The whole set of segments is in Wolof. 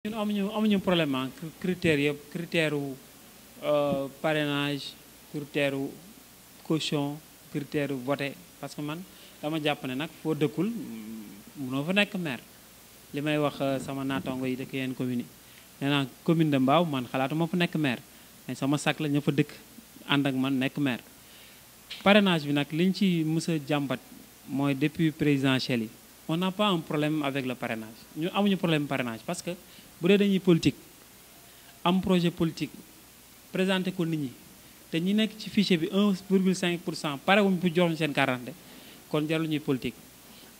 ñun amuñu amuñu problème ah critères yëpp critère euh, parrainage critère u caution critère voté parce que man dama jàpp ne nag foo dëkkul mënoo mm, fa nekk maire li may wax euh, sama naataango yi dëkk yenn commune yi nee naa commune de Mbao man xalaatuma fa nekk maire mais sama sac la ña fa dëkk ànd ak man nekk maire parrainage bi nag liñ ci mës a jàmbat mooy depuis président yi on n'a pas un problème avec le parrainage ñu amuñu problème parrainage parce que bu dañuy politique am projet politique présenté ko nit ñi té ñi nekk ci fichier bi 1,5 pour cent wuñ pour jox sen quarante kon ñuy politique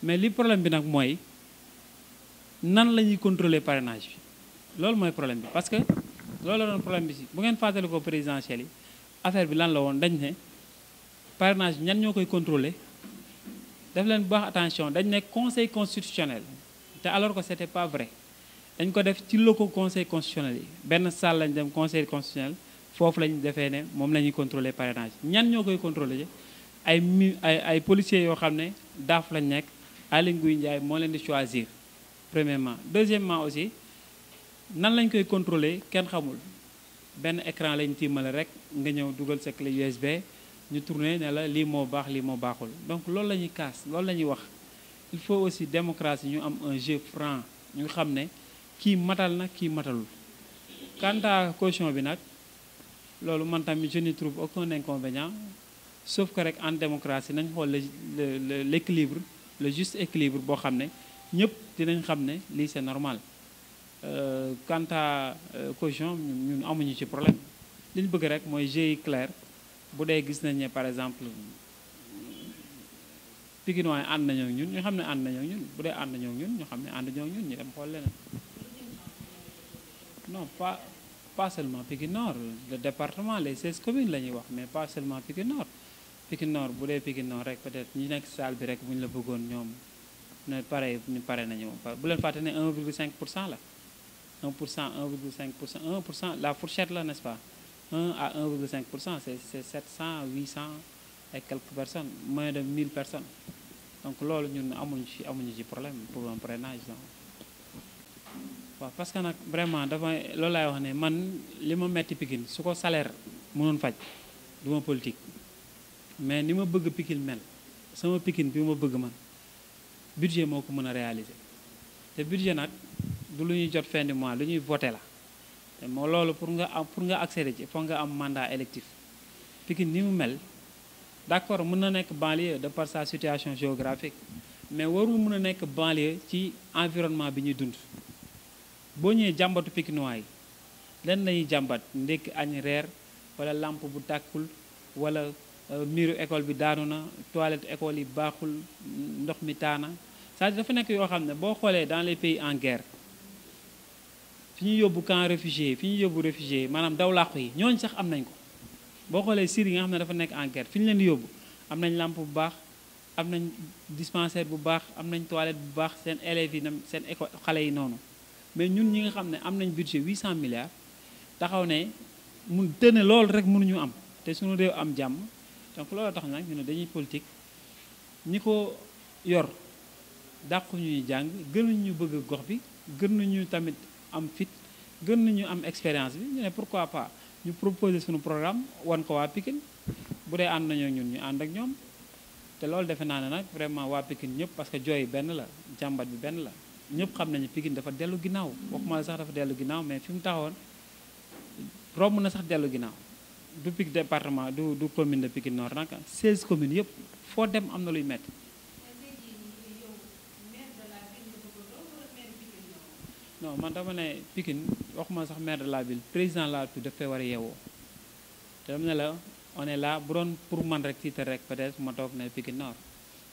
mais li problème bi que nous nan lañuy pas contrôler parrainage bi lool moy problème bi parce que c'est la problème bi si bu ngeen le ko présidentiel yi affaire bi lan la woon dañ ne parrainage ñan ñoo koy contrôler def leen bu baax attention dañ ne conseil constitutionnel alors que c'était pas vrai dañ ko def ci locaux conseil constitutionnel yi benn salle lañ dem conseil constitutionnel foofu lañ defee ne moom la ñuy contrôler parrainage ñan ñoo koy contrôler ji ay mi ay ay policiers yoo xam ne daaf lañ nekk Aly Ngouille Ndiaye moo leen di choisir premièrement deuxièmement aussi nan lañ koy contrôler kenn xamul benn écran lañ tiimale rek nga ñëw dugal sa clé USB ñu tourner ne la lii moo baax lii moo baaxul donc loolu la ñuy kaas loolu la ñuy wax il faut aussi démocratie ñu am un jeu franc ñu xam ne kii matal na kii matalul quant à caution bi nak lolou man tammi je ne trouve aucun inconvénient sauf que rek en démocratie nañ xol le l'équilibre le juste équilibre bo xamné ne ñëpp dinañ xamné li c'est normal euh, quant à euh, caution ñun amuñu ci problème li ñu bëgg rek moy GIE clair bu dee gis nañ ne par exemple Pikinois and nañu ñun ñu xamné and nañu ñun bu dee ànd nañoo ñun ñu xamné and nañu ñun ñu dem xol lénen non pas pas seulement pique Nord le département les 16 communes la wax mais pas seulement pique Nord pique Nord vous voulez pique Nord peut-être ni nekk salle bi rek bu ñu la bëggoon ñoom ne pare ñu pare nañu bu 1,5 là 1 1,5 1 la fourchette là, n'est-ce pas 1 à 1,5 c'est c'est 700 800 et quelques personnes moins de 1000 personnes donc là, nous avons ci amuñu problème pour un donc waaw parce que nag vraiment dafa loolu laay wax ne man li ma metti Pikine su ko salaire mënoon faj du ma politique mais ni ma bëgg Pikine mel sama Pikine bi ma bëgg man budget moo ko mën a réaliser te budget nag du lu ñuy jot fin de mois lu ñuy voté la te moo loolu pour nga am pour nga accéder ci foog nga am mandat électif Pikine ni mu mel d'accord mën na nekk banlieue de par sa situation géographique mais warul mën a nekk banlieue ci environnement bi ñuy dund boo ñëwee jàmbatu pikinois yi la lañuy jàmbat wala bu wala euh, école bi daanu na toilette école yi ndox mi cest dafa ne dans les pays en guerre fi ñu yóbbu camp réfugié fi ñu réfugié yi sax en guerre fi ñu am nañ bu dispensaire bu am nañ toilette bu seen élèves yi seen école mais ñun ñi nga xam ne am nañ budget 800 milliards taxaw ne mun te ne loolu rek mënuñu am te suñu réew am jàmm donc loolu tax nag ñu ne dañuy politique ñi ko yor dàqu ñuy jàng gënuñu bëgg gox bi gën nañu tamit am fit nañu am expérience bi ñu ne pourquoi pas ñu proposer suñu programme wan ko waa Pikine bu dee ànd nañoo ñun ñu ànd ak ñoom te loolu defe naa ne nag vraiment waa Pikine ñëpp parce que jooy benn la jàmbat bi benn la ñëpp xam nañu pikin dafa dellu ginnaaw waxuma la sax dafa dellu ginnaaw mais fi mu taxoon romb na sax dellu ginnaaw du Pikine département du du commune de Pikine Nord nag 16 communes yëpp foo dem am na luy metti non man dama ne Pikine waxuma sax maire de la ville président la tu daf fee war a la on est là bu doon pour man rek titre rek peut-être ma toog ne Pikine Nord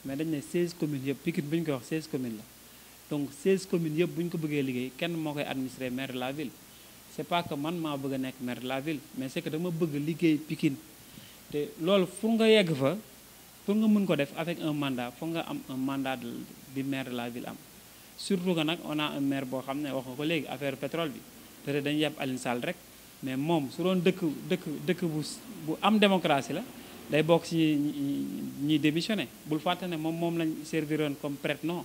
mais dañ ne koy wax 16 communes la donc 16 communes yëpp bu ñu ko bëggee liggéey kenn moo koy administrer maire de la ville c' est pas que man maa bëgg a nekk maire de la ville mais c' est que dama bëgg liggéey Pikine te loolu pour nga yegg fa pour nga mën ko def avec un mandat foog nga am un mandat bi maire de la ville am surtout que nag on a un maire boo xam ne wax ko léegi affaire pétrole bi peut-être dañu yàpp Aline Sall rek mais moom su doon dëkk dëkk dëkk bu bu am démocratie la day bokk ci ñi démissionné bul fàtte ne moom moom lañ serviroon comme prête non